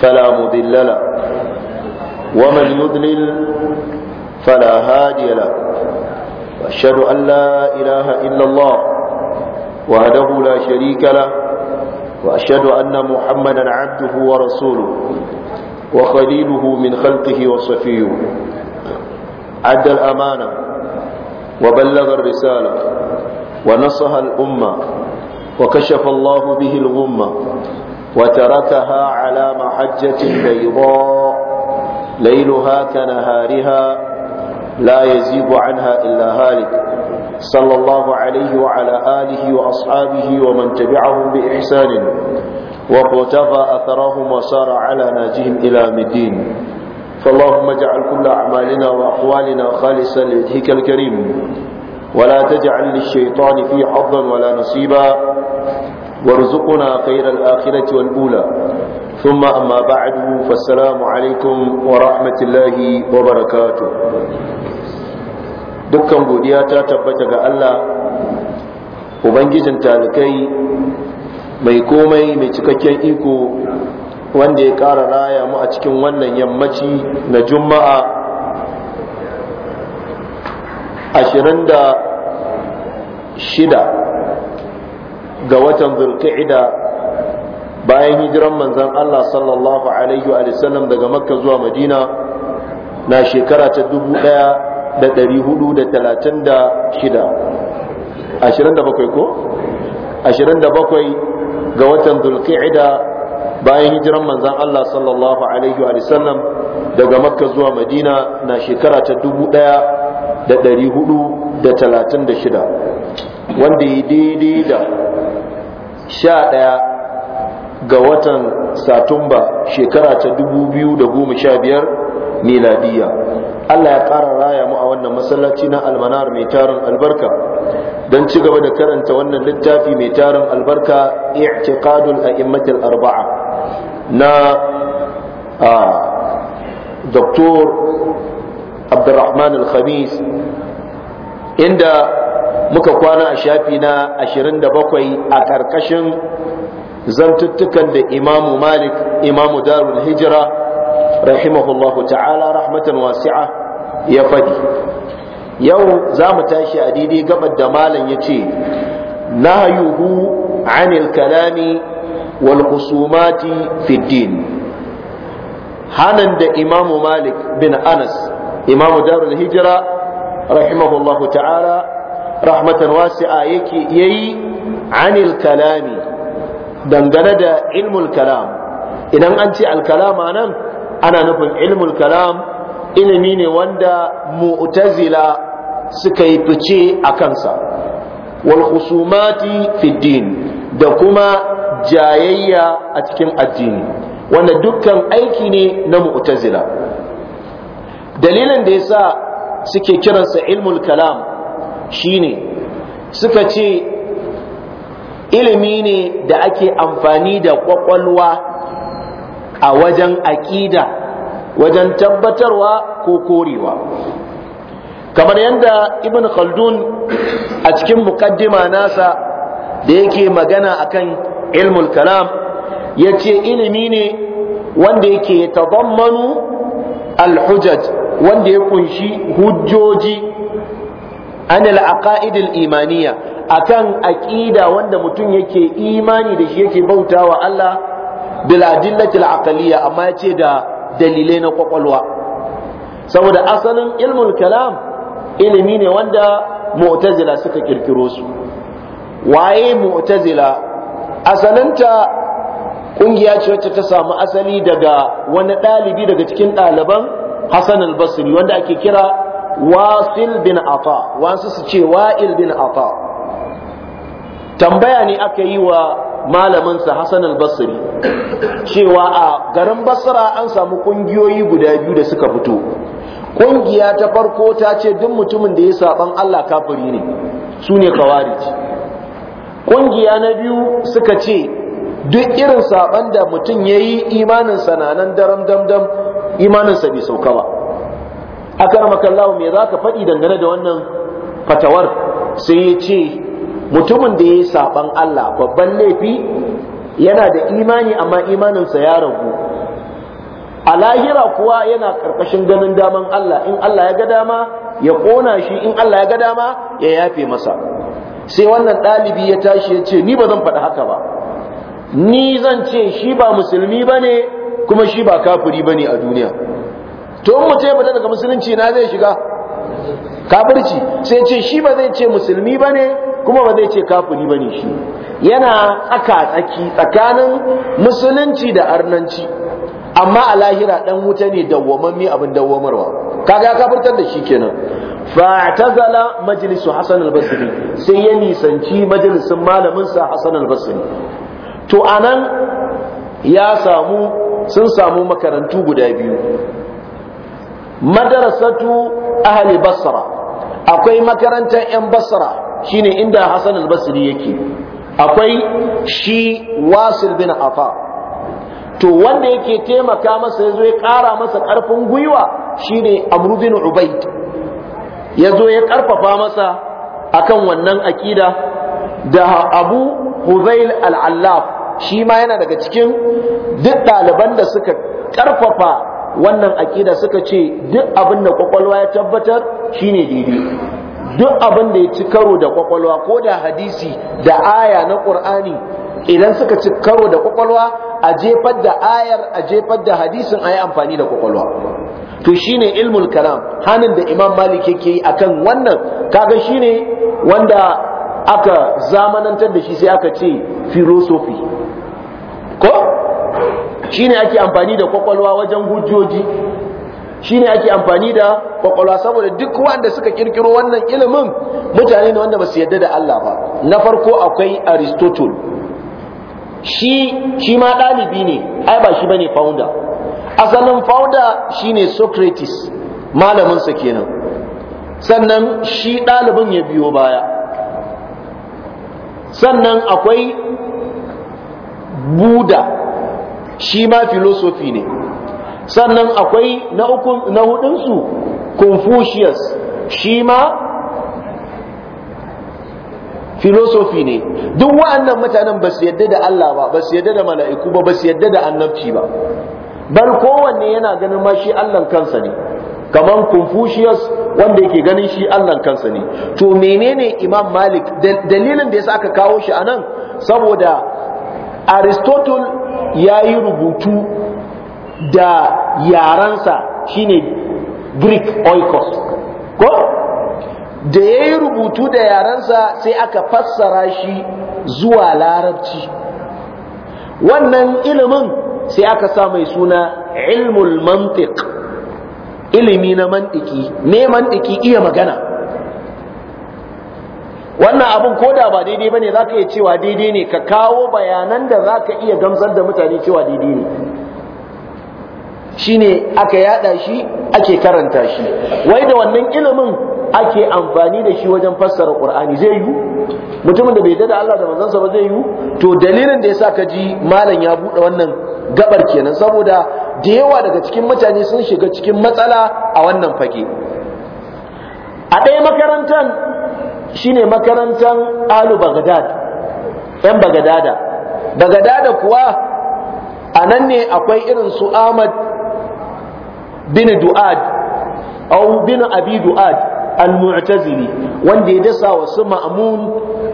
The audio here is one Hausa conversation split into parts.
فلا مضل له ومن يضلل فلا هادي له وأشهد أن لا إله إلا الله وهده لا شريك له وأشهد أن محمدا عبده ورسوله وخليله من خلقه وصفيه عد الأمانة وبلغ الرسالة ونصها الأمة وكشف الله به الغمة وتركها على محجة بيضاء ليلها كنهارها لا يزيب عنها إلا هالك صلى الله عليه وعلى آله وأصحابه ومن تبعهم بإحسان وقتفى أثرهم وسار على ناجهم إلى مدين فاللهم اجعل كل أعمالنا وأقوالنا خالصا لوجهك الكريم ولا تجعل للشيطان في حظا ولا نصيبا وارزقنا خير الآخرة والأولى ثم أما بعد فالسلام عليكم ورحمة الله وبركاته dukkan godiya ta tabbata ga Allah ubangijin talikai mai komai mai cikakken iko wanda ya ƙara raya mu a cikin wannan yammaci na juma'a 26 ga watan zulqa'ida bayan hijiran manzon Allah sallallahu alaihi wa sallam daga makka zuwa madina na shekara ta 1436 27 ko 27 ga watan zulqa'ida bayan hijiran manzon Allah sallallahu alaihi wa sallam daga makka zuwa madina na shekara ta 1436 wanda ya daidai da sha ga watan satumba shekara ta dubu da goma sha biyar miladiya Allah ya ƙara raya mu a wannan masallaci na almanar mai tarin albarka don ci gaba da karanta wannan littafi mai tarin albarka i'tiqadul a'immatul arba'a na a doktor abdurrahman al-khamis inda muka kwana a shafi na 27 a ƙarƙashin zantuttukan da imamu malik imamu darul hijira rahimahullahu ta'ala rahmatan wasi'a ya faɗi yau za mu tashi a daidai gabar da malam ya ce nahayuhu anil kalami wal husumati fiddin. hanan da imamu malik bin anas imamu darul hijira rahimahullahu ta'ala rahmatan wasi'a yake yayi anil kalami dangane da ilmul kalam idan an ce alkalama nan ana nufin ilmul kalam ilimi ne wanda mu'tazila suka yi fice a kansa wal khusumati fi din da kuma jayayya a cikin addini wanda dukkan aiki ne na mu'tazila dalilin da yasa suke kiransa ilmul kalam shine suka ce ilimi ne da ake amfani da kwakwalwa a wajen aƙida wajen tabbatarwa ko korewa kamar yadda ibn khaldun a cikin mukaddima nasa da yake magana akan ilmul kalam ya ce ilimi ne wanda yake tabammanu alhujaj wanda ya kunshi hujjoji anil aqaidil imaniya akan aqida wanda mutum yake imani da shi yake bautawa Allah bil adillatil aqliya amma yace da dalilai na kwakwalwa saboda asalin ilmul kalam ilimi ne wanda mu'tazila suka kirkiro su waye mu'tazila asalinta kungiya ce wacce ta samu asali daga wani ɗalibi daga cikin ɗaliban Hassan al-Basri wanda ake kira wasil bin ata wasu su ce wa'il bin ata tambaya ne aka yi wa malaminsa hassan al cewa a garin basra an samu kungiyoyi guda biyu da suka fito kungiya ta farko ta ce duk mutumin da ya saban allah kafiri ne su ne ce, kungiya na biyu suka ce duk irin saban da mutum ya yi imaninsa na nan daram dam dam imaninsa bai sauka ba akaramaka Allah me zaka faɗi dangane da wannan fatawar sai ya ce mutumin da ya yi saban Allah babban laifi yana da imani amma imaninsa ya ragu a lahira kuwa yana ƙarƙashin ganin daman Allah in Allah ya ga dama ya ƙona shi in Allah ya ga dama ya yafe masa sai wannan ɗalibi ya tashi ya ce ni ba zan faɗi haka ba ni zan ce shi ba musulmi ba ne kuma shi ba kafiri ba ne a duniya to mu ce daga musulunci na zai shiga kafirci sai ce shi ba zai ce musulmi ba ne kuma ba zai ce kafiri ba ne shi yana tsaka tsaki tsakanin musulunci da arnanci amma a lahira dan wuta ne dawwamammi abin dawwamarwa kaga kafirtar da shi kenan fa'tazala majlisu Hassan al-Basri sai ya nisanci majalisin malamin sa Hassan al-Basri to anan ya samu sun samu makarantu guda biyu madarasatu ahli basra akwai makarantar yan basra shine inda hasan al-basri yake akwai shi wasil bin afa to wanda yake taimaka masa yazo ya kara masa karfin gwiwa shine amru bin ubaid yazo ya karfafa masa akan wannan akida da abu huzail al-allaf shi ma yana daga cikin duk ɗaliban da suka karfafa wannan akida suka ce duk abin da kwakwalwa ya tabbatar shine daidai duk abin da ya ci karo da kwakwalwa ko da hadisi da aya na ƙur'ani idan suka ci karo da kwakwalwa a jefar da ayar a jefar da hadisin a yi amfani da kwakwalwa to shine ilmul kalam hanin da imam malik yake yi akan wannan kaga shine wanda aka zamanantar da shi sai aka ce filosofi ko shine ake amfani da kwakwalwa wajen hujjoji ne ake amfani da kwakwalwa saboda duk wanda suka kirkiro wannan ilimin mutane ne wanda ba su yadda da Allah ba na farko akwai Aristotle shi shi ma ɗalibi ne ai ba shi ne fauda asalin shi shine Socrates malamin sa kenan sannan shi ɗalibin ya biyo baya sannan akwai Buda shi ma filosofi ne sannan akwai na hudunsu confucius shi ma filosofi ne duk wa'annan mutanen ba su yadda da Allah ba ba su yadda da mala'iku ba ba su yadda da annabci ba bar kowanne yana ganin ma shi Allah kansa ne kamar Confucius wanda yake ganin shi Allah kansa ne to menene Imam Malik dalilin da yasa aka kawo shi anan saboda Aristotle ya yi rubutu da yaransa shine greek oikos ko da ya yi rubutu da yarensa sai aka fassara shi zuwa larabci wannan ilimin sai aka sa mai suna ilmul mantik ilimi na mantiki ne mantiki iya magana wannan abin ko da ba daidai bane ka iya cewa daidai ne ka kawo bayanan da zaka iya gamsar da mutane cewa daidai ne shine aka yada shi ake karanta shi wai da wannan ilimin ake amfani da shi wajen fassara Qur'ani zai yi mutumin da bai da Allah da manzansa ba zai yi to dalilin da ya sa ka ji malam ya buɗe wannan gabar kenan saboda da yawa daga cikin mutane sun shiga cikin matsala a wannan fage a ɗaya makarantar shine makarantar alu bagdad yan bagadada bagadada kuwa a nan ne akwai irin su ahmad bin du'ad au bin abi du'ad al-mu'tazili wanda ya dasa wasu ma'amun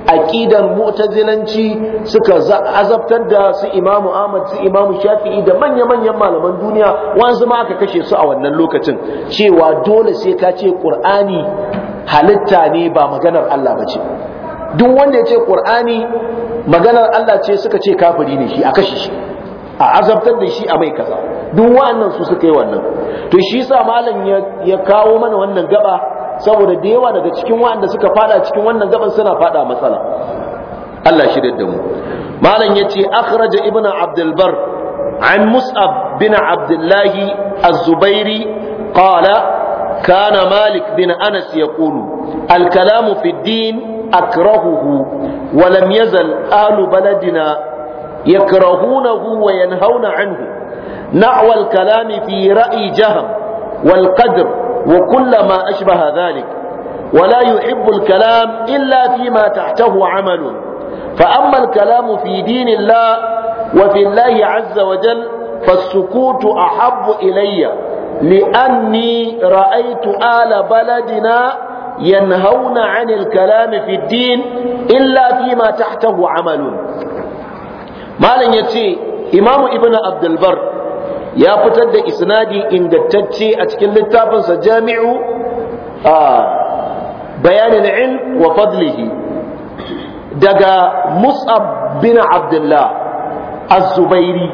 aqidar mu'tazilanci suka azabtar da su imamu ahmad su imamu shafi'i da manya-manyan malaman duniya wanzu ma aka kashe su a wannan lokacin cewa dole sai ka ce ƙur'ani halitta ne ba maganar Allah ba ce duk wanda ya ce ƙur'ani maganar Allah ce suka ce kafiri ne shi a kashe shi a azabtar da shi a mai kaza duk wa'annan su suka yi wannan to shi sa malam ya kawo mana wannan gaba saboda da yawa daga cikin wa'anda suka fada cikin wannan gaban suna fada matsala Allah shi da mu malam ya ce akhraja ibnu abdul bar an mus'ab bin abdullahi az-zubairi qala كان مالك بن أنس يقول الكلام في الدين أكرهه ولم يزل أهل بلدنا يكرهونه وينهون عنه نحو الكلام في رأي جهم والقدر وكل ما أشبه ذلك ولا يحب الكلام إلا فيما تحته عمل فأما الكلام في دين الله وفي الله عز وجل فالسكوت أحب إليّ لأني رأيت آل بلدنا ينهون عن الكلام في الدين إلا فيما تحته عمل ما يتي إمام ابن عبد البر يا فتد إسنادي إن دتتشي أتكل للتابنس جامع آه بيان العلم وفضله دقا مصعب بن عبد الله الزبيري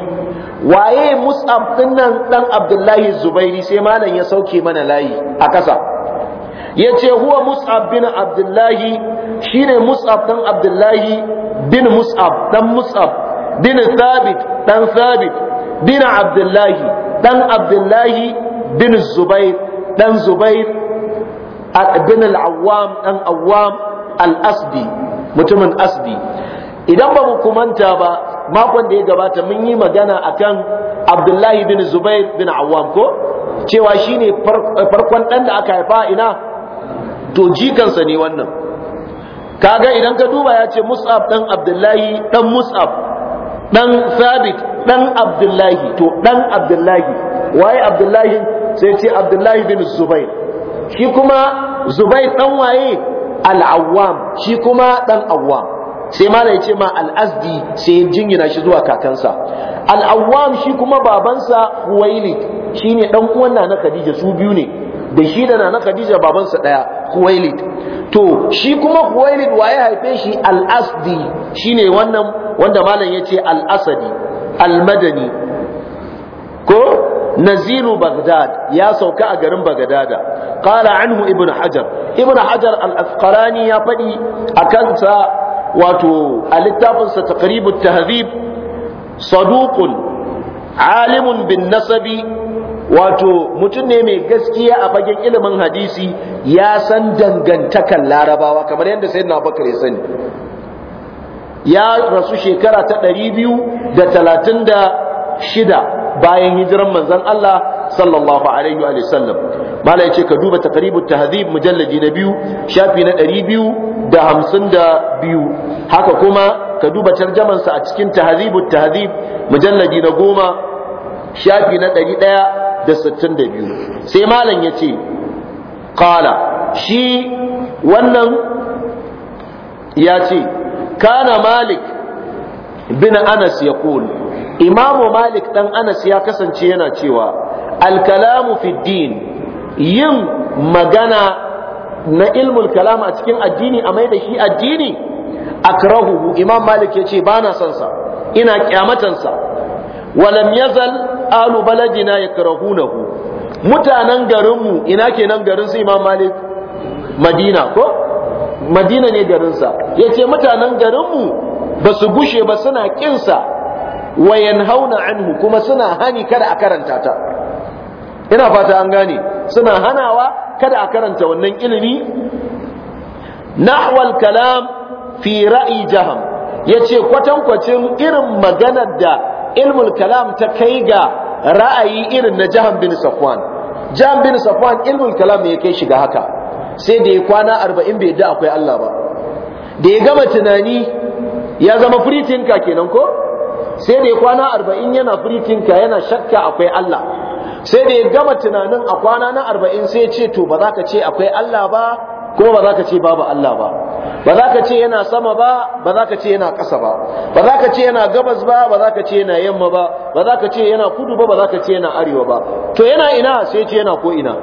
waye mus'ab dinnan dan abdullahi zubairi sai malam ya sauke mana layi a kasa yace huwa mus'ab bin abdullahi shine mus'ab dan abdullahi bin mus'ab dan mus'ab bin thabit dan thabit bin abdullahi dan abdullahi bin zubair dan zubair bin awam, dan awwam al-asdi mutumin asdi idan ba mu kumanta ba makon da ya gabata mun yi magana akan abdullahi bin zubair bin awwam ko cewa shine farkon dan da aka haifa ina to jikansa ne wannan kaga idan ka duba ya ce mus'ab dan abdullahi dan mus'ab dan sabit dan abdullahi to dan abdullahi waye abdullahi sai ce abdullahi bin zubair shi kuma zubair dan waye al-awwam shi kuma ɗan awwam sai malam ya ce ma al'azdi sai ya jingina shi zuwa kakansa Al'awwam shi kuma babansa huwailid shine ɗan uwan na khadija su biyu ne da shi da na khadija babansa ɗaya, huwailid to shi kuma huwailid waye haife shi alasdi shi shine wannan wanda malam ya ce alasadi almadani ko naziru bagdad ya sauka a garin bagdada kala anhu ibn hajar ibn hajar al-asqalani ya fadi akan sa wato a littafinsa taqribut tahzib saduqun alimun bin nasabi wato mutum ne mai gaskiya a fagen ilimin hadisi ya san dangantakan larabawa kamar yadda sai na bakar ya sani ya rasu shekara ta ɗari biyu da talatin da shida bayan hijiran manzan Allah sallallahu alaihi wa sallam mala ce ka duba taqribut tahdhib mujallaji na biyu shafi na ɗari biyu da da hamsin biyu. haka kuma ka duba tarjaman a cikin tahdhibut tahdhib mujallaji na goma shafi na ɗari ɗaya da da sittin biyu. sai malam ya ce qala shi wannan ya ce kana malik bin anas ya yaqul imamu malik ɗan anas ya kasance yana cewa al kalamu fi din yin magana na ilmul kalama a cikin addini a mai da shi addini a akrahuhu imam malik ya ce ba na son ina kyamatansa walam yazal alu baladina yakrahunahu mutanen garinmu ina ke nan garin su imam malik madina ko madina ne garinsa Ya ce mutanen garinmu ba su gushe ba suna kinsa wayan hauna anhu kuma suna hani kada a karanta ta ina fata an gane suna hanawa kada a karanta wannan ilimi nahwal kalam fi ra'i jaham yace kwatankwacin irin maganar da ilmul kalam ta kai ga ra'ayi irin na jaham bin safwan jaham bin safwan ilmul kalam ya kai shiga haka sai da ya kwana 40 bai yadda akwai Allah ba da ya gama tunani ya zama free kenan ko sai da ya kwana 40 yana free yana shakka akwai Allah sai da ya gama tunanin a kwana na arba'in sai ce to ba za ka ce akwai Allah ba kuma ba za ka ce babu Allah ba ba za ka ce yana sama ba ba za ka ce yana ƙasa ba ba za ka ce yana gabas ba ba za ka ce yana yamma ba ba za ka ce yana kudu ba ba za ka ce yana arewa ba to yana ina sai ce yana ko ina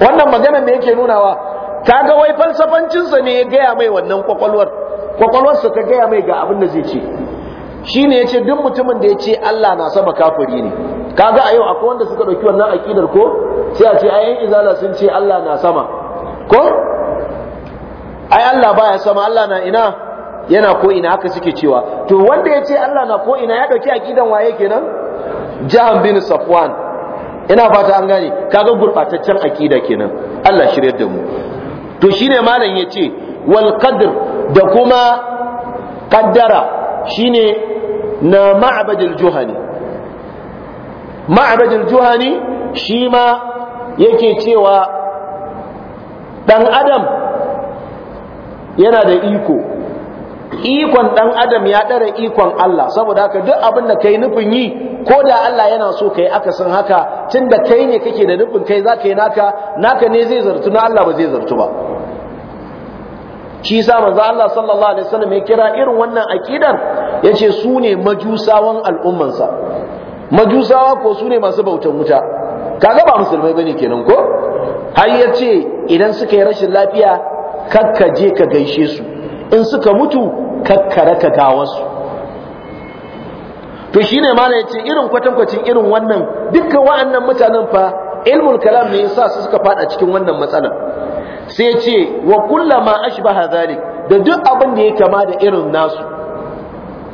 wannan maganar da yake nunawa Ta ga wai falsafancinsa ne ya gaya mai wannan kwakwalwar kwakwalwarsa ta gaya mai ga abin da zai ce Shi shine yace duk mutumin da ya ce Allah na sama kafiri ne kaga a yau akwai wanda suka ɗauki wannan aƙidar ko sai a ce ayan izala sun ce Allah na sama ko ai Allah baya sama Allah na ina yana ko ina haka suke cewa to wanda ya ce Allah na ko ina ya ɗauki aƙidan waye kenan Jahan bin Safwan ina fata an gane kaga gurɓataccen aƙida kenan Allah shiryar da mu to shine malam yace ce wal qadr da kuma qaddara shine na ma'badil juhani ma'abajin juhani shi ma yake cewa ɗan adam yana da iko ikon ɗan adam ya ɗara ikon Allah saboda haka duk abin da kai nufin yi ko da Allah yana so kai aka san haka tunda kai ne kake da nufin kai za ka yi naka naka ne zai zartu na Allah ba zai zartu ba shi sa manzo Allah sallallahu alaihi wasallam ya kira irin wannan akidar yace su ne majusawan al'ummansa majusawa ko su ne masu bautan wuta kaga ba musulmai bane kenan ko har ya ce idan suka yi rashin lafiya kakka je ka gaishe su in suka mutu kakkara ka su. to shine mala yace irin kwatankwacin irin wannan dukkan wa'annan mutanen fa ilmul kalam ne yasa su suka fada cikin wannan matsalar sai ce wa kullama ashbaha zalik da duk abin da ya kama da irin nasu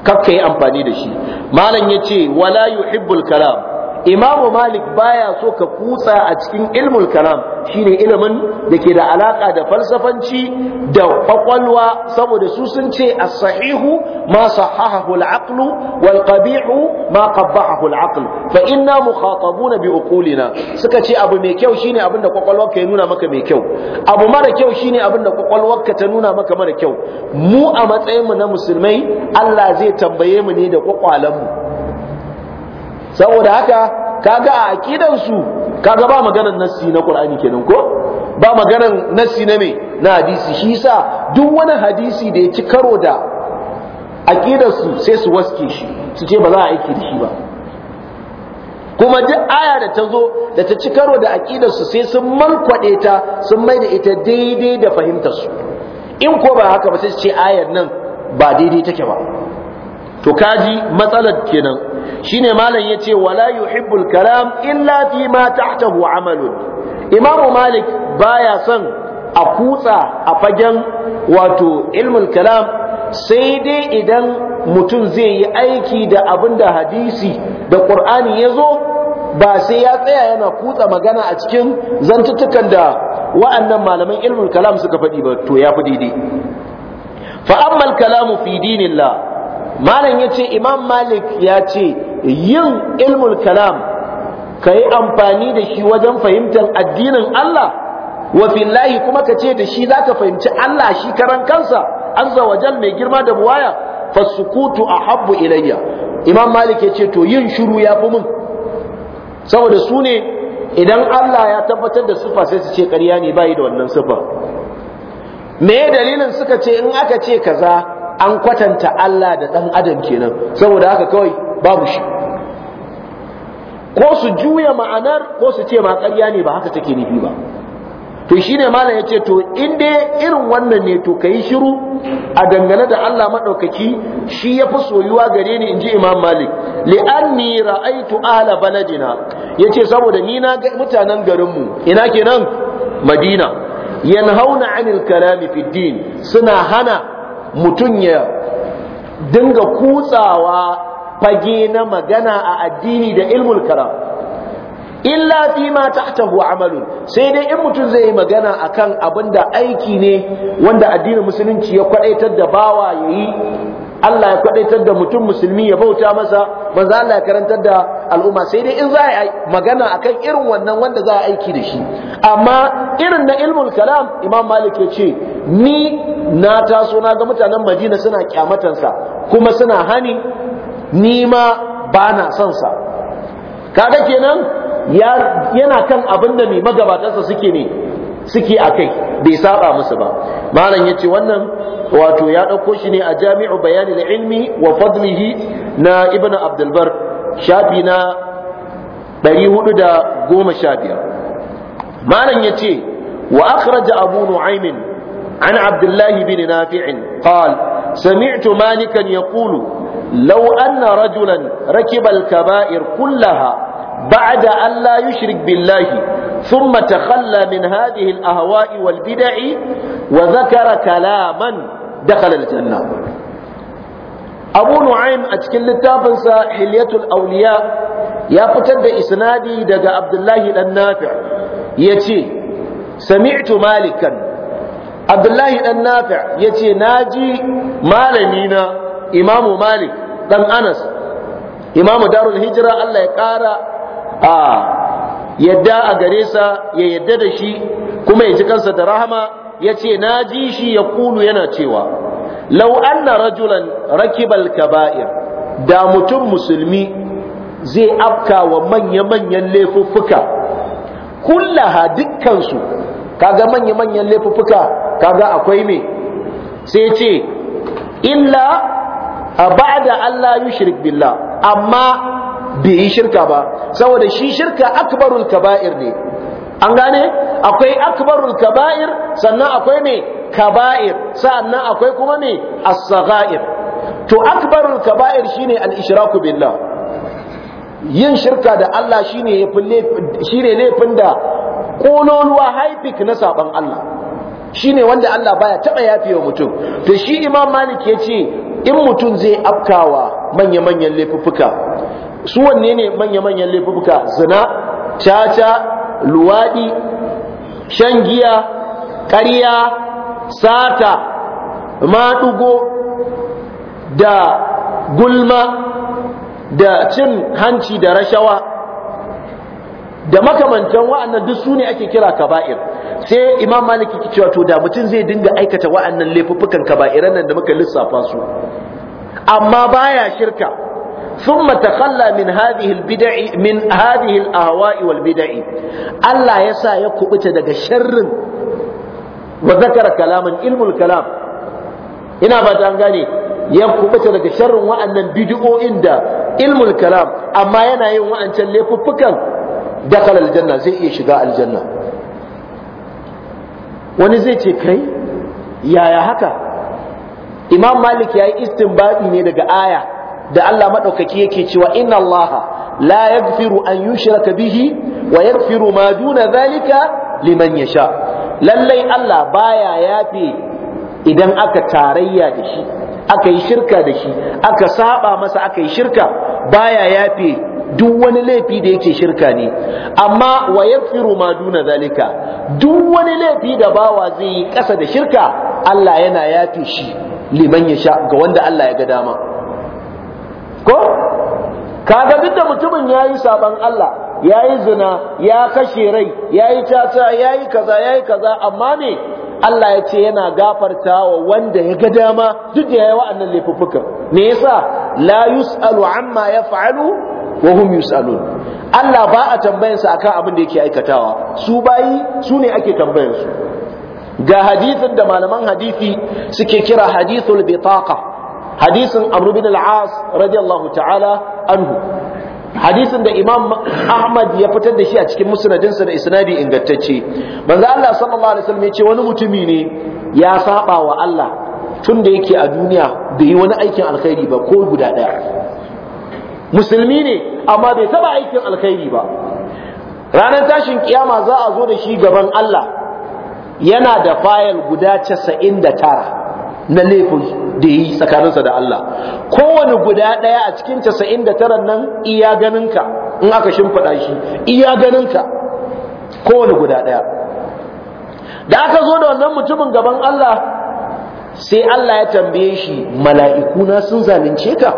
kakka yi amfani da shi malam ya ce wala yuhibbul kalam imamu malik baya so ka kutsa a cikin ilmul kalam shine ilimin da ke da alaka da falsafanci da kwakwalwa saboda su sun ce as-sahihu ma sahahahu al wal qabihu ma qabbahahu al-aql fa inna mukhatabuna bi uqulina suka ce abu mai kyau shine abinda ka ya nuna maka mai kyau abu mara kyau shine abinda kwakwalwarka ta nuna maka mara kyau mu a matsayin mu na musulmai Allah zai tambaye mu ne da kwakwalan saboda haka kaga a aqidan su kaga ba maganar nassi na Qur'ani kenan ko ba maganar nassi na me na hadisi shi yasa duk wani hadisi da ya ci karo da aqidar su sai su waske shi su ce ba za a aiki da shi ba kuma duk aya da ta zo da ta ci karo da aqidar su sai sun malkwade ta sun mai da ita daidai da fahimtar su in ko ba haka ba sai su ce ayar nan ba daidai take ba to kaji matsalar kenan shine malam yace wala yuhibbul kalam illa fi ma tahtahu amalun imam malik baya son a kutsa a fagen wato ilmul kalam sai dai idan mutum zai yi aiki da abinda da hadisi da qur'ani yazo ba sai ya tsaya yana kutsa magana a cikin zantutukan da wa'annan malaman ilmul kalam suka faɗi ba to ya fi daidai fa amma kalamu fi dinillah malam ya ce imam malik ya ce yin ilmul kalam ka yi amfani da shi wajen fahimtar addinin Allah wa fillahi kuma ka ce da shi za ka fahimci Allah shi karan kansa azza wajen mai girma da buwaya fasukutu a habbu ilayya imam malik ya ce to yin shiru ya fi mun saboda su ne idan Allah ya tabbatar da siffa sai su ce karya ne bayi da wannan sufa me dalilin suka ce in aka ce kaza an kwatanta Allah da ɗan adam kenan saboda haka kawai babu shi ko su juya ma'anar ko su ce ma ne ba haka take nufi ba to shi ne malam ce to inda irin wannan ne to ka yi shiru a dangane da Allah maɗaukaki shi ya fi soyuwa gare ni in ji Imam Malik li'anni ra'aitu ala baladina yace saboda ni na ga mutanen garinmu. Ina ina kenan Madina yanhauna 'anil kalami fid din suna hana mutum ya dinga kutsawa fage na magana a addini da ilmul kara illa fi ma tahtahu amalu sai dai in mutum zai yi magana akan da aiki ne wanda addinin musulunci ya kwadaitar da bawa yayi Allah ya kwadaitar da mutum musulmi ya bauta masa manzo Allah ya karantar da al'umma sai dai in za a yi magana kan irin wannan wanda za a aiki da shi amma irin na ilmul kalam imam malik ya ce ni na taso na ga mutanen madina suna kyamatansa kuma suna hani ni ma ba na son kaga kenan yana kan abin da mai magabatansa suke ne suke a kai bai saba musu ba malam yace wannan wato ya ɗauko shi ne a jami'u bayani da ilmi wa fadlihi na ibnu abdulbar hudu da goma sha biyar malan ya ce wa akraja abu nu'aym an abdullahi bin nafi' qal sami'tu malikan yaqulu law anna rajulan rakiba al-kaba'ir kullaha ba'da an la yushrik billahi ثم تخلى من wal الأهواء والبدع وذكر كلاما دخل الجنة abu nu'aym a cikin littafinsa hilyatul auliya ya fitar da isnadi daga abdullahi dan nafi' yace sami'tu malikan abdullahi dan nafi' yace naji malamina imamu malik dan anas imamu darul hijra Allah ya kara a yadda a gare sa ya yadda da shi kuma ya ji kansa da rahama yace naji shi ya kulu yana cewa law anna rajulan rakibal kaba'ir da mutum musulmi zai afka wa manya-manyan laifuffuka kullaha dukkansu kaga manya-manyan laifuffuka kaga akwai me sai ce illa a da Allah yushrik billah amma bai yi shirka ba saboda shi shirka akbarul kaba'ir ne an gane akwai akbarul kaba'ir sannan akwai ne kaba'ir sannan akwai kuma ne as-sagha'ir to akbarul kaba'ir shine al-ishraku billah yin shirka da Allah shine yafi shine laifin da kololuwa haifik na saban Allah shine wanda Allah baya taba wa mutum to shi Imam Malik yace in mutum zai afkawa manya-manyan laifuffuka su wanne ne manya-manyan laifuffuka zina caca luwaɗi shan giya ƙarya sata maɗugo da gulma da cin hanci da rashawa da makamantan wa'annan duk su ne ake kira kaba'ir sai imam maliki ke cewa to da mutum zai dinga aikata wa'annan laifuffukan kaba'iran nan da muka lissafa su amma baya shirka ثم تخلى من هذه البدع من هذه الاهواء والبدع الله يسا يكبت daga sharrin wa kalaman ilmul kalam ina ba ta gane ya kubuta daga sharrin wa'annan bid'o'in da ilmul kalam amma yana yin wa'ancan laifuffukan dakhala aljanna zai iya shiga aljanna wani zai ce kai yaya haka imam malik yayi istinbadi ne daga aya da Allah maɗaukaki yake cewa inna Allah la yaghfiru an yushraka bihi wa yaghfiru ma duna zalika liman yasha lallai Allah baya yafe idan aka tarayya da shi aka yi shirka da shi aka saba masa aka yi shirka baya yafe duk wani laifi da yake shirka ne amma wa yaghfiru ma duna zalika duk wani laifi da bawa zai yi kasa da shirka Allah yana yafe shi liman yasha ga wanda Allah ya ga dama ko kaga duk da mutumin yayi saban Allah yayi zina ya kashe rai yayi tata yayi kaza yayi kaza amma ne? Allah ya ce yana gafarta wa wanda ya ga dama duk da yayi wa'annan laifuffukan me yasa la yusalu amma yaf'alu wa hum yusalun Allah ba a tambayansa akan abin da yake aikatawa su bayi su ne ake tambayansu ga hadithin da malaman hadisi suke kira hadithul bitaqa hadisin amr bin al-as radiyallahu ta'ala anhu hadisin da imam ahmad ya fitar da shi a cikin musnadinsa da isnadi ingantacce manzo Allah sallallahu alaihi wasallam ya ce wani mutumi ne ya saba wa Allah tun da yake a duniya bai yi wani aikin alkhairi ba ko guda daya musulmi ne amma bai taba aikin alkhairi ba ranar tashin kiyama za a zo da shi gaban Allah yana da fayil guda 99 na laifin da yi tsakaninsa da Allah kowane guda ɗaya a cikin tara nan iya ganinka in aka shimfiɗa shi iya ganinka kowane guda ɗaya da aka zo da wannan mutumin gaban Allah sai Allah ya tambaye shi mala'ikuna sun zalunce ka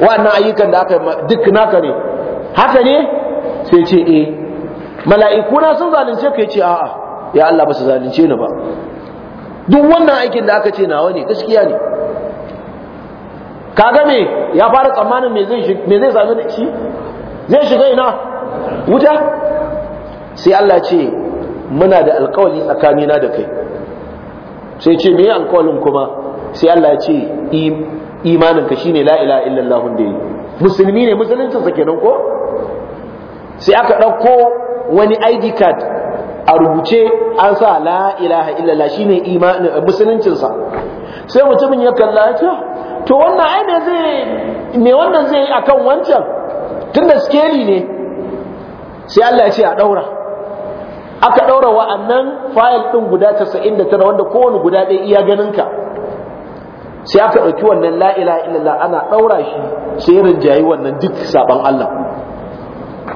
wa'annan ayyukan da aka duk naka ne haka ne sai ce eh mala'ikuna sun zalunce ka ya ce a'a ya Allah ba su zalunce ni ba duk wannan aikin da aka ce nawa ne gaskiya ne kaga me ya fara tsammanin me zai sami da shi zai shiga ina wuta sai Allah ce muna da alkawali tsakanina da kai sai ce me alkawalin kuma sai Allah ce ce imaninka shine la ilaha illallah da yi musulmi ne musulunci sa nan ko sai aka ɗauko wani ID card a rubuce an sa la ilaha illallah shine imanin musuluncinsa sa sai mutumin ya kalla ya to wannan ai me zai me wannan zai akan wancan tunda skeli ne sai Allah ya ce a daura aka daura wa'annan fayil din guda 99 wanda kowane guda ɗaya iya ganin ka sai aka ɗauki wannan la ilaha illallah ana daura shi sai rinjayi wannan duk saban Allah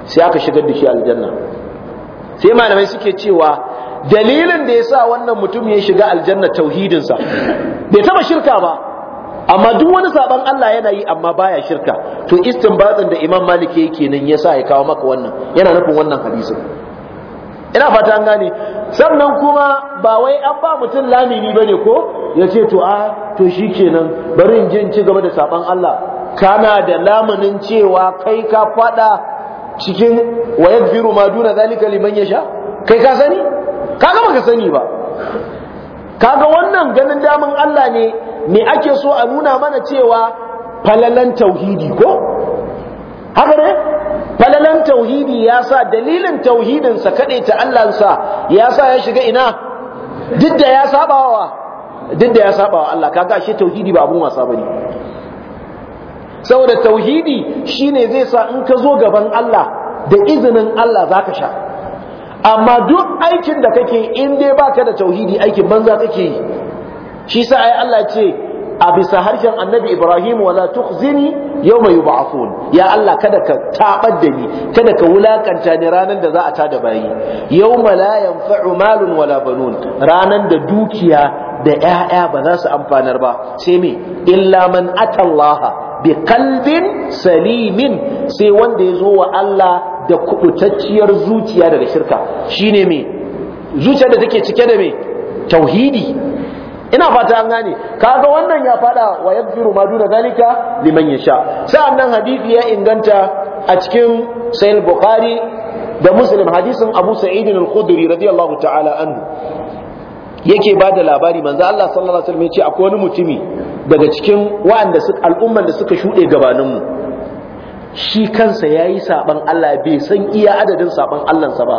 sai aka shigar da shi aljanna sai malamai suke cewa dalilin da ya sa wannan mutum ya shiga aljanna tauhidinsa bai taba shirka ba amma duk wani saban Allah yana yi amma baya shirka to istinbatin da Imam maliki yake nan ya sa ya kawo maka wannan yana nufin wannan hadisin ina fata an gane sannan kuma ba wai an ba mutum lamini ne ko ya ce to a to shi bari in je in ci gaba da sabon Allah kana da lamunin cewa kai ka faɗa. cikin wa yaghfiru ma duna zalika liman yasha kai ka sani kaga baka sani ba kaga wannan ganin daman Allah ne me ake so a nuna mana cewa falalan tauhidi ko haka ne falalan tauhidi ya sa dalilin tauhidinsa kaɗai ta Allahnsa ya sa ya shiga ina duk da ya sabawa duk da ya sabawa Allah kaga shi tauhidi ba abun wasa bane saboda tauhidi shine zai sa in ka zo gaban Allah da izinin Allah zaka sha amma duk aikin da kake in dai baka da tauhidi aikin banza kake yi shi sa ai Allah ce a bisa harshen annabi Ibrahim wala tukhzini yawma yub'athun ya Allah kada ka tabar da ni kada ka wulakanta ni ranan da za a tada bayi yawma la yanfa'u malun wala banun ranan da dukiya da 'ya'ya ba za su amfanar ba sai me illa man atallaha bi kalbin salimin sai wanda ya zo wa Allah da kubutacciyar zuciya daga shirka shine mai zuciyar da take cike da mai tauhidi ina fata an gane kaga wannan ya fada wa yaghfiru ma da zalika liman yasha sa'annan hadisi ya inganta a cikin sahih bukhari da muslim hadisin abu sa'id al-khudri radiyallahu ta'ala anhu yake ba da labari manzo Allah sallallahu alaihi wasallam ya ce akwai wani mutumi daga cikin waɗanda su al'umman da suka shuɗe gabanin mu shi kansa yayi saban Allah bai san iya adadin saban Allahnsa ba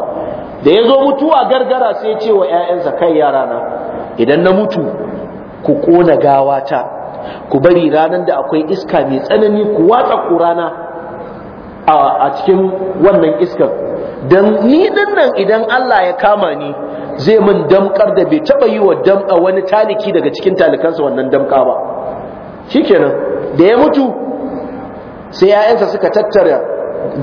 da ya zo mutuwa gargara sai ya ce wa ƴaƴansa kai yara na idan na mutu ku kona ta, ku bari ranar da akwai iska mai tsanani ku watsa ƙurana a cikin wannan iskar dan ni din nan idan Allah ya kama ni zai mun damkar da bai taba yi wa damka wani taliki daga cikin talikansa wannan damka ba shikenan da ya mutu sai 'ya'yansa suka tattara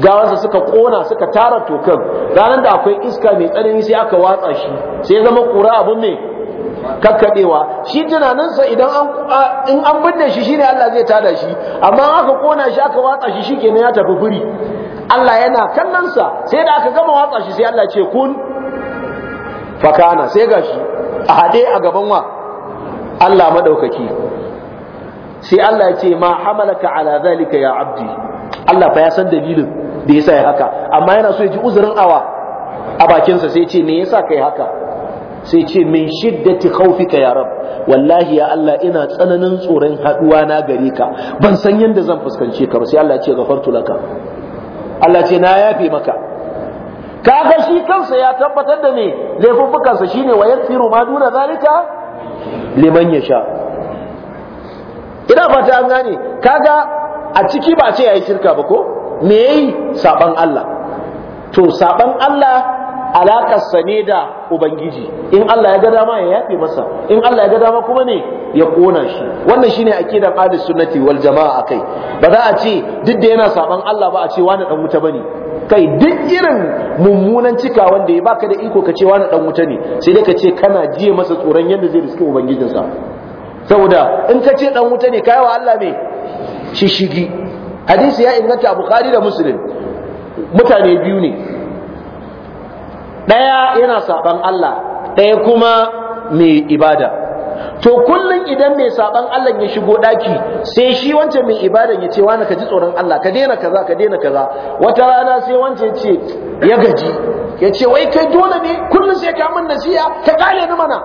gawansa suka kona suka tara tokan ranar da akwai iska mai tsanani sai aka watsa shi sai zama kura abin mai kakkadewa shi tunaninsa idan an in an binne shi shine Allah zai tada shi amma aka kona shi aka watsa shi shikenan ya tafi biri. Allah yana kallonsa sai da aka gama watsa shi sai Allah ce kun fakana sai gashi a hade a gaban wa Allah madaukaki sai Allah ya ce ma hamalaka ala zalika ya abdi Allah fa ya san dalilin da yasa ya haka amma yana so ya ji uzurin awa a bakinsa sai ce me yasa kai haka sai ce min shiddati khawfika ya rab wallahi ya Allah ina tsananin tsoron haduwa na gare ka ban san yanda zan fuskance ka ba sai Allah ya ce ghafartu laka Allah ce na yafe maka kaga shi kansa ya tabbatar da me laifuffukansa shine wa yaghfiru ma duna zalika liman yasha ina fata an gane kaga a ciki ba ce yi shirka ba ko me yayi saban Allah to saban Allah sa ne da ubangiji in Allah ya ga dama ya yafe masa in Allah ya ga dama kuma ne ya kona shi wannan shine akidan ahlus sunnati wal jamaa kai. ba za a ce duk da yana saban Allah ba a ce wani dan wuta bane kai duk irin mummunan cika wanda ya baka da iko ka ce wani dan wuta ne sai dai ka ce kana jiye masa tsoron yadda zai riske ubangijinsa saboda in ka ce dan wuta ne kai wa Allah mai shishigi hadisi ya inganta bukhari da muslim mutane biyu ne ɗaya yana saɓan Allah ɗaya kuma mai ibada to kullum idan mai saɓan Allah ya shigo ɗaki, sai shi wance mai ibadan ya ce wani ka ji tsoron Allah ka daina kaza ka daina kaza wata rana sai wance ce ya gaji ya ce wai kai dole ne kullum sai ka min nasiya, ka kale ni mana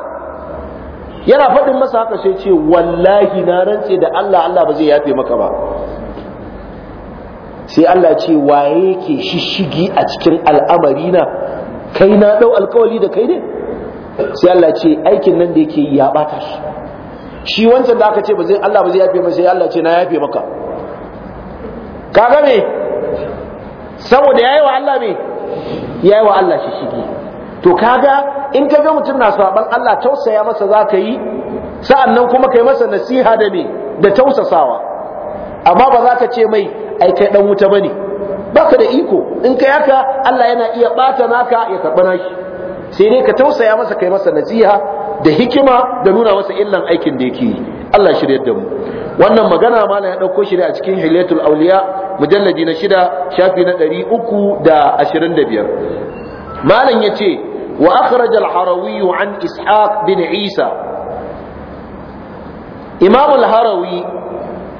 yana faɗin masa haka sai ce wallahi na rantse da Allah Allah ba zai yafe maka ba sai Allah ce waye ke shishigi a cikin al'amari na kai na dau alkawali da kai ne sai Allah ce aikin nan da yake yi ya bata shi shi wancan da aka ce ba zai Allah ba zai yafe masa sai Allah ce na yafe maka kaga me saboda yayi wa Allah me yayi wa Allah shi shige to kaga in ka ga mutum na saban Allah tausaya masa zaka yi sa'annan kuma kai masa nasiha da me da tausasawa amma ba za ka ce mai ai kai dan wuta bane baka da iko in kai haka Allah yana iya ɓata naka ya karɓa naki sai dai ka tausaya masa kai masa nasiha da hikima da nuna masa illan aikin da yake yi Allah shiryar da mu wannan magana Mallam ya ɗauko shi ne a cikin hilyatul auliya mujalladi na shida shafi na ɗari uku da ashirin da biyar malam ya ce wa akhraj al-harawi an ishaq bin isa imam al-harawi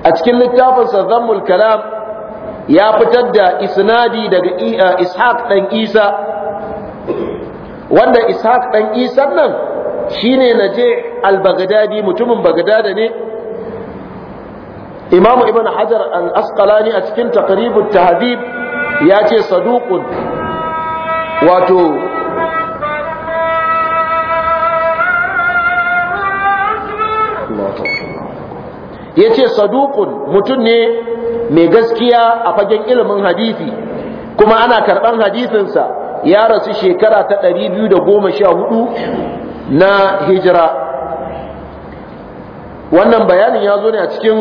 a cikin littafinsa zammul kalam ya fitar da isnadi daga uh, ishaq Ɗan isa wanda ishaq Ɗan isan nan shine na je Albagadadi mutumin bagdada ne imamu ibn hajar al-asqalani a cikin taqribut tahdhib ya ce saduqun wato ya ce saduqun mutum ne mai gaskiya a fagen ilimin hadisi kuma ana karɓar hadisinsa ya rasu shekara ta 214 na hijira wannan bayanin ya zo ne a cikin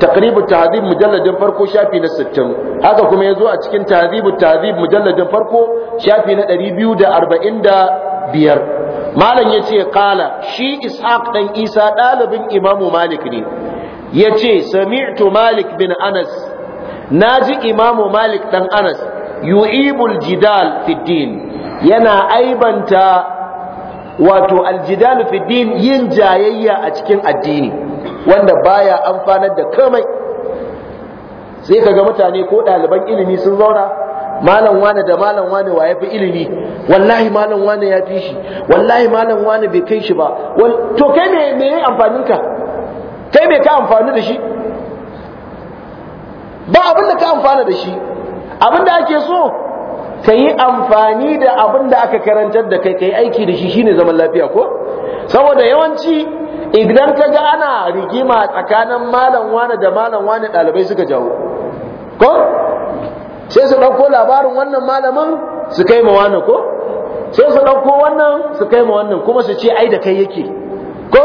taqribut tahdhib mujalladin farko shafi na 60 haka kuma ya zo a cikin tahdhibut tahdhib mujalladin farko shafi na 245 malam ya ce kala shi ishaq dan isa ɗalibin imamu malik ne Ya ce sami'tu malik bin anas na ji imamu malik dan anas yu'ibul jidal fiddin yana aibanta wato aljidal fiddin yin jayayya a cikin addini wanda baya amfanar da komai sai kaga mutane ko ɗaliban ilimi sun zauna malam wane da malam wane wa yafi ilimi wallahi malam wane ya fi shi wallahi malam wane bai kai shi ba to kai me yi amfaninka? kai mai ka amfani da shi ba abin da ka amfana da shi abin da ake so ka yi amfani da abin da aka karantar da kai ka yi aiki da shi shine zaman lafiya ko saboda yawanci idan ka ga ana rigima tsakanin malam wane da malam wane ɗalibai suka jawo ko sai su ɗauko labarin wannan malamin su kai ma wannan ko sai su ɗauko wannan su kai ma wannan kuma su ce ai da kai yake ko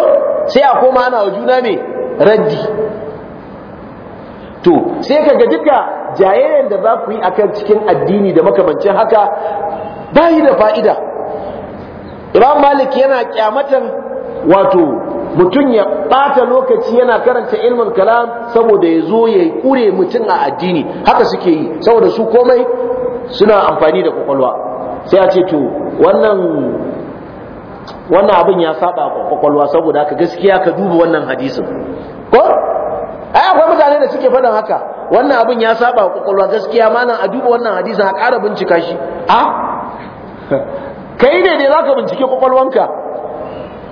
sai a koma ana wa juna me raddi to sai kaga duka jayayen da za ku yi akan cikin addini da makamancin haka ba bayi da fa'ida imam malik yana kyamatan wato mutum ya bata lokaci yana karanta ilmin kalam saboda ya zo ya kure mutum a addini haka suke yi saboda su komai suna amfani da kwakwalwa sai a ce to wannan wannan abin ya saba kwakwalwa saboda haka gaskiya ka duba wannan hadisin ko ai akwai mutane da suke faɗin haka wannan abin ya saba kwakwalwa gaskiya malam a duba wannan hadisin a ƙara bincika shi a kai ne ne zaka bincike kwakwalwanka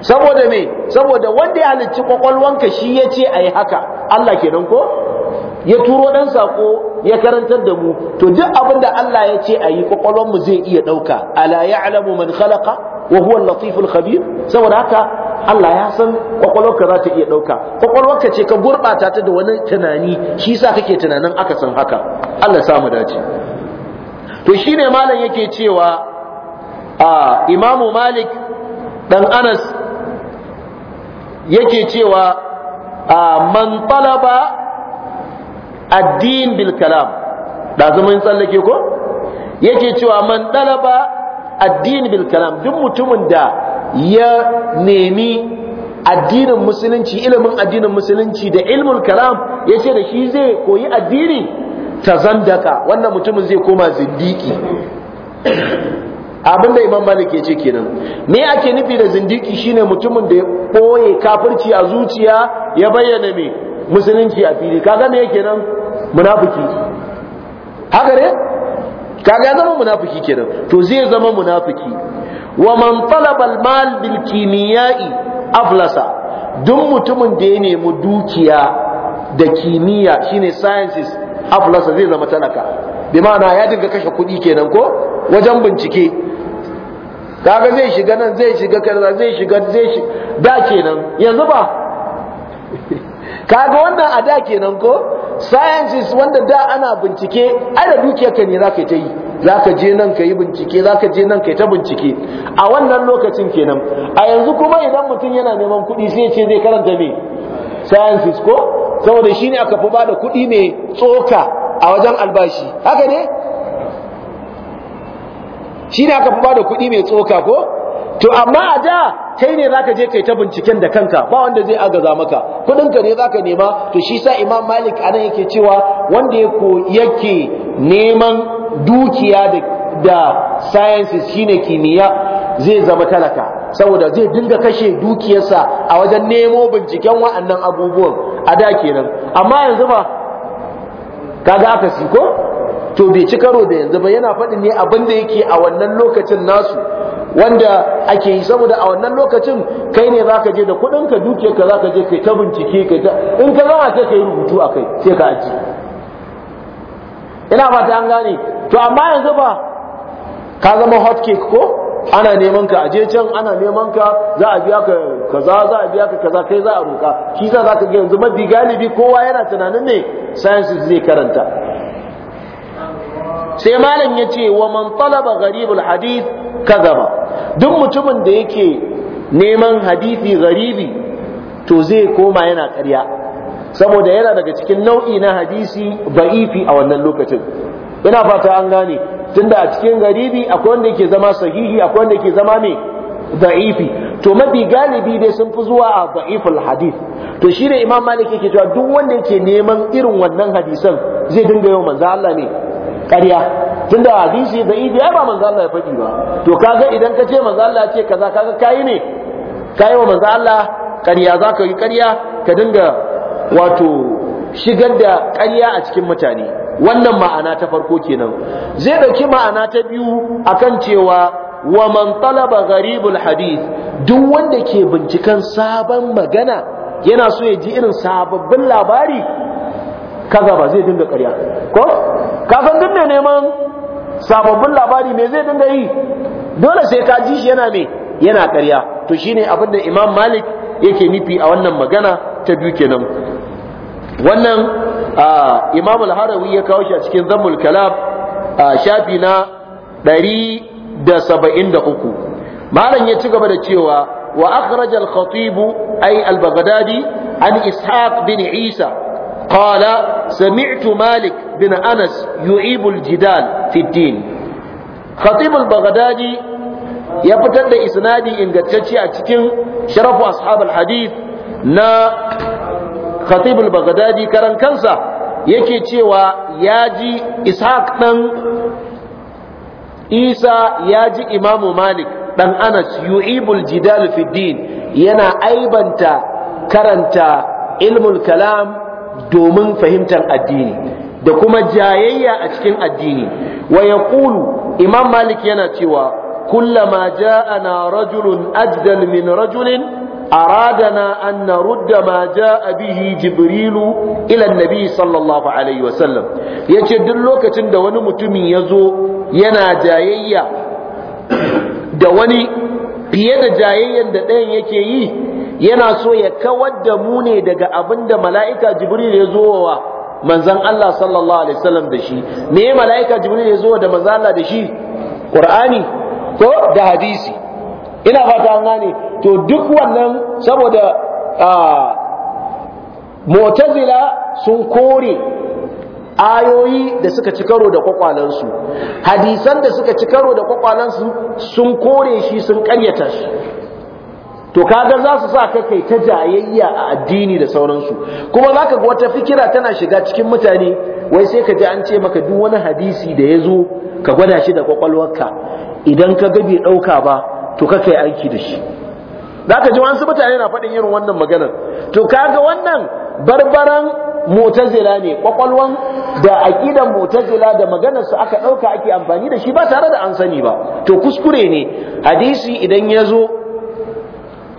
saboda me saboda wanda ya halicci kwakwalwanka shi ya ce a yi haka Allah kenan ko ya turo ɗan sako ya karantar da mu to duk abin da Allah ya ce a yi kwakwalwanmu zai iya ɗauka ala ya'lamu man khalaqa wa huwa latiful khabir saboda haka Allah ya san kwakwalwarka za ta iya ɗauka kwakwalwarka ce ka gurɓata ta da wani tunani shi sa kake tunanin aka san haka Allah sa mu dace to shine malam yake cewa a imamu malik dan anas yake cewa man talaba addin bil kalam da zaman tsallake ko yake cewa man talaba addini bil kalam duk mutumin da ya nemi addinin musulunci ilimin addinin musulunci da ilmul kalam ya ce da shi zai koyi addini ta zandaka wannan mutumin zai koma zindiki Abin abinda imam malik ya ce kenan me ake nufi da zindiki shine mutumin da ya ɓoye kafirci a zuciya ya bayyana mai musulunci a fili kaga me kenan munafiki haka ne kaga ya zama munafiki kenan to zai zama munafiki wa man talaba al-mal bil kimiya'i aflasa duk mutumin da ya nemi dukiya da kimiyya shine sciences aflasa zai zama talaka bi ma'ana ya dinga kashe kuɗi kenan ko wajen bincike kaga zai shiga nan zai shiga kaza zai shiga zai shiga da kenan yanzu ba kaga wannan a da kenan ko sciences wanda da ana bincike ai da dukiyarka ne zaka ta yi zaka je nan ka yi bincike zaka je nan ka ta bincike a wannan lokacin kenan a yanzu kuma idan mutum yana neman kuɗi sai ce zai karanta me sciences ko saboda shine aka fi bada kuɗi mai tsoka a wajen albashi haka ne shine aka fi bada kuɗi mai tsoka ko to amma a da kai ne zaka je kai ta binciken da kanka ba wanda zai agaza maka kudin ka ne zaka nema to shi sa Imam Malik anan yake cewa wanda ya yake neman dukiya da da sciences shine kimiyya zai zama talaka saboda zai dinga kashe dukiyarsa a wajen nemo binciken wa'annan abubuwan a da kenan amma yanzu ba kaga aka si ko to bai ci karo da yanzu ba yana faɗin ne abin da yake a wannan lokacin nasu wanda ake yi saboda a wannan lokacin kai ne za ka je da kuɗin ka duke ka ka je kai ta bincike kai ta in ka zama sai kai rubutu a kai sai ka aji ina fata an gane to amma yanzu ba ka zama hot cake ko ana neman ka aje can ana neman ka za a biya ka kaza za a biya ka kaza kai za a roka shi za ka ga yanzu mafi galibi kowa yana tunanin ne sciences zai karanta sai malam ya ce wa man talaba gharibul hadith kazaba duk mutumin da yake neman hadisi gharibi to zai koma yana ƙarya saboda yana daga cikin nau'i na hadisi ba'ifi a wannan lokacin ina fata an gane tunda a cikin gharibi akwai wanda yake zama sahihi akwai wanda yake zama mai za'ifi. to mafi galibi dai sun fi zuwa a ba'iful hadith to shi da imam malik yake cewa duk wanda yake neman irin wannan hadisan zai dinga yau manzo Allah ne ƙarya tunda hadisi da ibi ai ba manzo ya faɗi ba to kaga idan ka ce manzo Allah ya ce kaza kaga kai ne kai wa manzo Allah ƙarya za yi ƙarya ka dinga wato shigar da ƙarya a cikin mutane wannan ma'ana ta farko kenan zai ɗauki ma'ana ta biyu akan cewa wa man talaba gharibul hadith duk wanda ke bincikan sabon magana yana so ya ji irin sababbin labari kaza ba zai dinga ƙarya ko kasan duk neman sababbin labari me zai dinga yi dole sai ka ji shi yana me yana karya to shine abin da Imam Malik yake nufi a wannan magana ta biyu kenan wannan Imam Al-Harawi ya kawo shi a cikin Zammul Kalam shafi na uku. malam ya ci gaba da cewa wa akhraj al-khatib ay al an Ishaq bin Isa قال سمعت مالك بن أنس يعيب الجدال في الدين خطيب البغدادي يبتد إسنادي إن قتشي أتكين شرف أصحاب الحديث نا خطيب البغدادي كرن كنسا yake cewa ya ji ishaq ɗan isa ya ji imamu malik ɗan anas yu'ibul jidal fi din yana aibanta karanta ilmul kalam domin fahimtar addini da kuma jayayya a cikin addini wa yaqulu imam malik yana cewa kullama ja'ana rajulun ajdal min rajulin aradana an narudda ma ja'a bihi jibrilu ila annabi sallallahu alaihi wasallam yace duk lokacin da wani mutumin yazo yana jayayya da wani fiye da jayayyan da ɗayan yake yi yana so ya kawar da mu ne daga abin da mala'ika jibril ya zo wa manzan Allah sallallahu alaihi wasallam da shi me mala'ika jibril ya zo da manzan Allah da shi qur'ani ko da hadisi ina fata gane to duk wannan saboda motazila sun kore ayoyi da suka ci karo da kwakwalansu hadisan da suka ci karo da kwakwalansu sun kore shi sun karyata shi to kaga za su sa ka kai ta jayayya a addini da sauransu kuma za ga wata fikira tana shiga cikin mutane wai sai ka ji an ce maka duk wani hadisi da ya zo ka gwada shi da kwakwalwarka idan ka ga bai ɗauka ba to ka kai aiki da shi Za ka ji wasu mutane na faɗin irin wannan maganar to kaga wannan barbaran mutazila ne kwakwalwan da aƙidan mutazila da maganar aka ɗauka ake amfani da shi ba tare da an sani ba to kuskure ne hadisi idan ya zo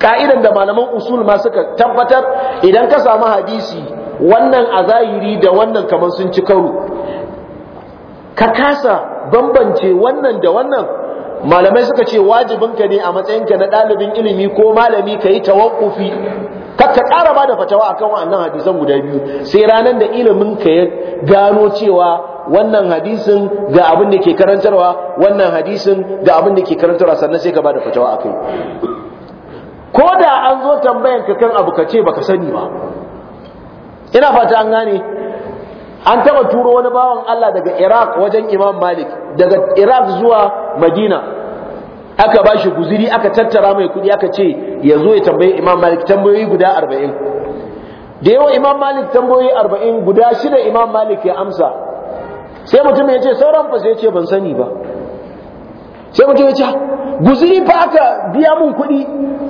ka'idan da malaman usul ma suka tabbatar idan ka samu hadisi wannan a zahiri da wannan kamar sun ci karo ka kasa bambance wannan da wannan malamai suka ce wajibin ka ne a matsayinka na ɗalibin ilimi ko malami ka yi tawakkufi ka ƙara ba da fatawa akan wannan hadisan guda biyu sai ranar da ilimin ka ya gano cewa wannan hadisin ga abin da ke karantarwa wannan hadisin ga abin da ke karantarwa sannan sai ka ba da fatawa akai ko da an zo tambayan ka kan abu ka ce baka sani ba ina fata an gane an taba turo wani bawan Allah daga Iraq wajen Imam Malik daga Iraq zuwa Madina aka bashi shi guziri aka tattara mai kudi aka ce ya ya tambayi Imam Malik tambayoyi guda arba'in da yawa Imam Malik tambayoyi arba'in guda shida Imam Malik ya amsa sai mutum ya ce sauran fa sai ya ce ban sani ba sai mutum ya ce guziri fa aka biya mun kuɗi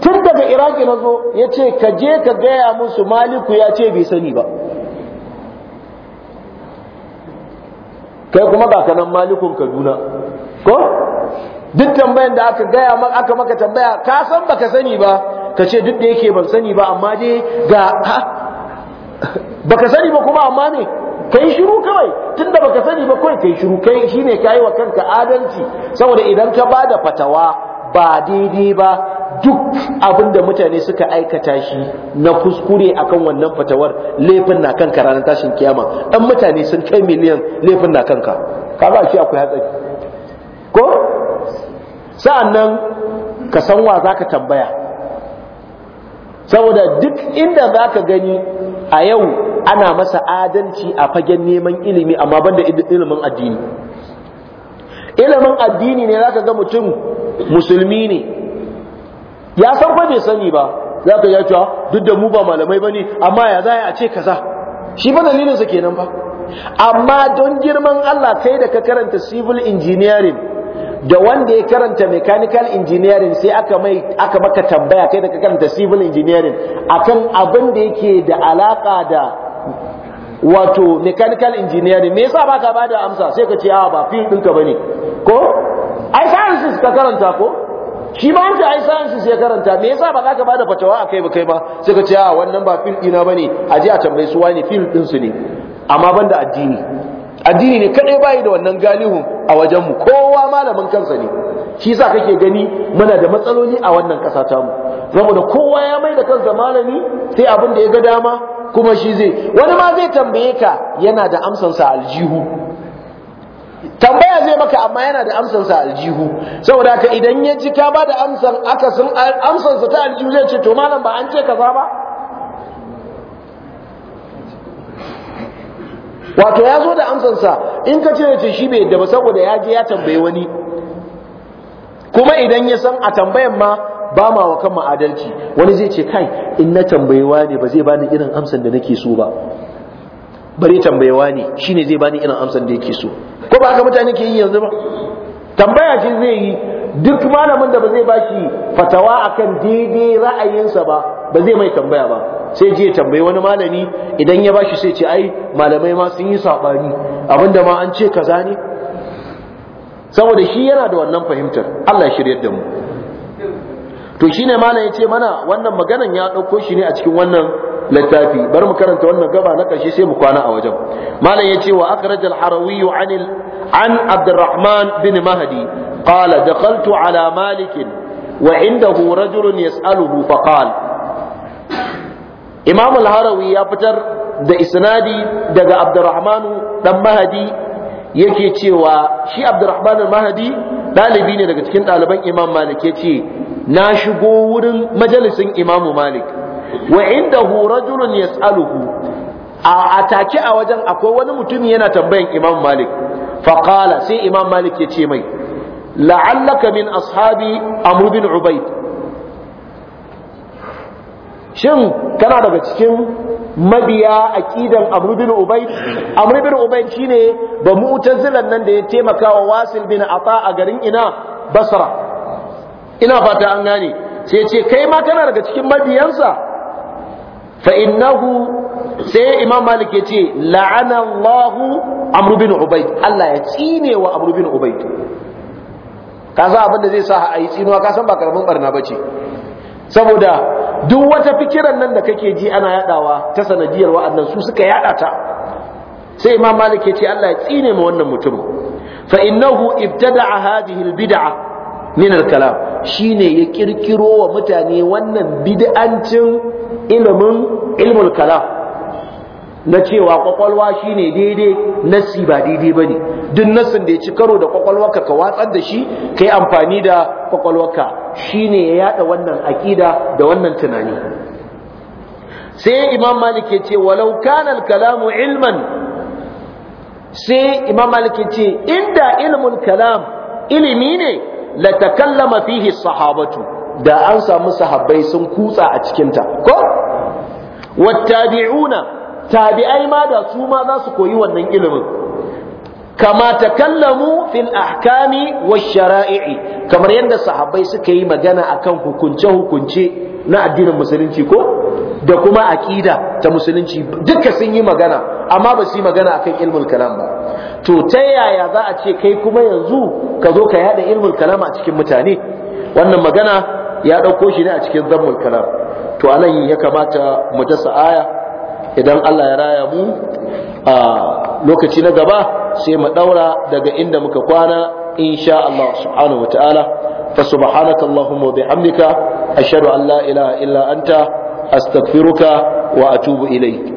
tun daga iraki na zo ya ce ka je ka gaya musu maliku ya ce bai sani ba kai kuma ka kanan malikun kaduna ko duk tambayan da aka gaya aka maka tambaya ka san ba ka sani ba ka ce duk da yake ban sani ba amma dai ga ha ba ka sani ba kuma amma ne kai shiru kawai tunda baka sani ba kai kai shiru kai shine kai wa kanka adalci saboda idan ka bada fatawa ba daidai ba duk abinda mutane suka aikata shi na kuskure akan wannan fatawar laifin na kanka ranar tashin kiyama dan mutane sun kai miliyan laifin na kanka ka ba shi akwai hatsari ko sa'annan ka san wa zaka tambaya saboda duk inda zaka gani a yau ana masa adalci a fagen neman ilimi amma banda ilimin addini ilimin addini ne zaka ga mutum musulmi ne ya san fa bai sani ba zaka ya cewa duk da mu ba malamai bane amma ya zai a ce kaza shi ba dalilinsa kenan ba amma don girman Allah kai da ka karanta civil engineering da wanda ya karanta mechanical engineering sai aka mai aka maka tambaya kai da ka karanta civil engineering akan abin da yake da alaka da wato mechanical engineering me yasa baka bada amsa sai ka ce a ba field ɗinka bane ko ai sciences ka karanta ko shi ba wanda ai sciences ya karanta me yasa ba zaka bada fatawa akai ba kai ba sai ka ce a wannan ba field ɗina bane a je a tambayi su wani field ɗin su ne amma banda addini addini ne kadai bai da wannan galihu a wajen mu kowa malamin kansa ne shi yasa kake gani muna da matsaloli a wannan kasa mu. saboda kowa ya mai da kansa malami sai abin da ya ga dama kuma shi zai wani ma zai tambaye ka yana da amsansa aljihu tambaya zai maka amma yana da amsansa aljihu saboda haka idan ya ji ka ba da amsan aka sun amsansa ta aljihu zai ce to malam ba an ce ka ba wato ya zo da amsansa in ka ce ce shi bai yadda ba saboda ya je ya tambaye wani kuma idan ya san a tambayan ma ba ma wa kanmu adalci wani zai ce kai in na tambayewa ne ba zai bani irin amsan da nake so ba bare tambayewa ne shine zai bani irin amsan da yake so ko ba haka mutane ke yi yanzu ba tambaya ce zai yi duk malamin da ba zai baki fatawa akan daidai ra'ayinsa ba ba zai mai tambaya ba sai je tambayi wani malami idan ya bashi sai ce ai malamai ma sun yi sabani abinda ma an ce kaza ne saboda shi yana da wannan fahimtar Allah ya shiryar da mu to shine malam yace mana wannan maganan ya dauko shi ne a cikin wannan littafi bari mu karanta wannan gaba na karshe sai mu kwana a wajen malam yace wa akhrajal harawi an an abdurrahman bin mahdi qala daqaltu ala malik wa indahu rajulun yas'aluhu fa qala imam al-harawi ya fitar da isnadi daga abdurrahman dan mahdi yake cewa shi abdurrahman al-mahdi dalibi ne daga cikin daliban imam malik yace na shigo wurin majalisin imam malik wa hu rajulun yas'aluhu a atake a wajen akwai wani mutum yana tambayan imam malik Faƙala sai imam malik ya ce mai la'allaka min ashabi amr bin ubayd shin kana daga cikin mabiya aqidan amr bin ubayd amr bin ubayd shine ba mu'tazilan nan da ya taimaka wa wasil bin ata a garin ina basra ina fata an gane sai ce kai ma kana daga cikin mabiyansa fa innahu sai imam malik ya ce la'ana allahu amru bin ubayd allah ya tsine wa amru bin ubayd ka san abin da zai sa a yi tsinuwa ka san ba karamin barna bace saboda duk wata fikiran nan da kake ji ana yadawa ta sanadiyar wa'annan su suka yada ta sai imam malik ya ce allah ya tsine ma wannan mutum. fa innahu ibtada'a hadhihi albid'a min al-kalam shine ya kirkiro wa mutane wannan bid'ancin ilimin ilmul kalam na cewa kwakwalwa shine daidai nassi ba daidai bane duk nassin da ya ci karo da kwakwalwarka ka watsar da shi kai amfani da kwakwalwarka shine ya yada wannan akida da wannan tunani sai imam malik ya ce walau kana al-kalamu ilman sai imam malik ya ce inda ilmul kalam ilimi ne la takallama fihi sahabatu da an samu sahabbai sun kutsa a cikin ta ko wattabi'una tabi'ai ma da su ma za su koyi wannan ilimin kama takallamu fil ahkami wash shara'i'i kamar yadda sahabbai suka yi magana akan hukunce hukunce na addinin musulunci ko da kuma aqida ta musulunci duka sun yi magana amma ba su yi magana akan ilmul kalam ba to ta yaya za a ce kai kuma yanzu ka zo ka yada ilmin kalam a cikin mutane wannan magana ya ɗauko shi ne a cikin zammul kalam to anan ya kamata mu dasa aya idan Allah ya raya mu a lokaci na gaba sai mu ɗaura daga inda muka kwana insha Allah subhanahu wataala fa subhanaka allahumma bihamdika ashhadu an la ilaha illa anta astaghfiruka wa atubu ilayk